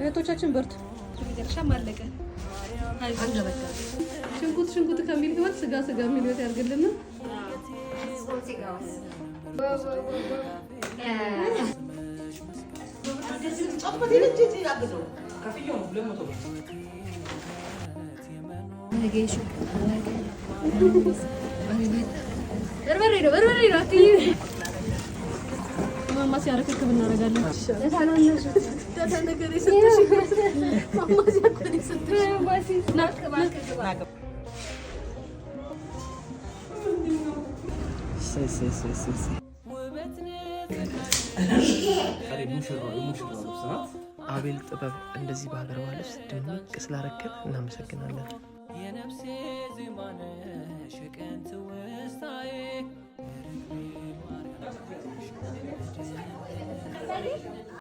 እህቶቻችን በርቱ። መጨረሻም አለቀ። ሽንኩት ሽንኩት ከሚል ህይወት ስጋ ስጋ የሚል ህይወት ያድርግልን። በርበሬ ነው በርበሬ ነው። ፋርማሲያ ርክክብ እናደርጋለን። አቤል ጥበብ እንደዚህ ድንቅ ስላረከብ እናመሰግናለን። Ready?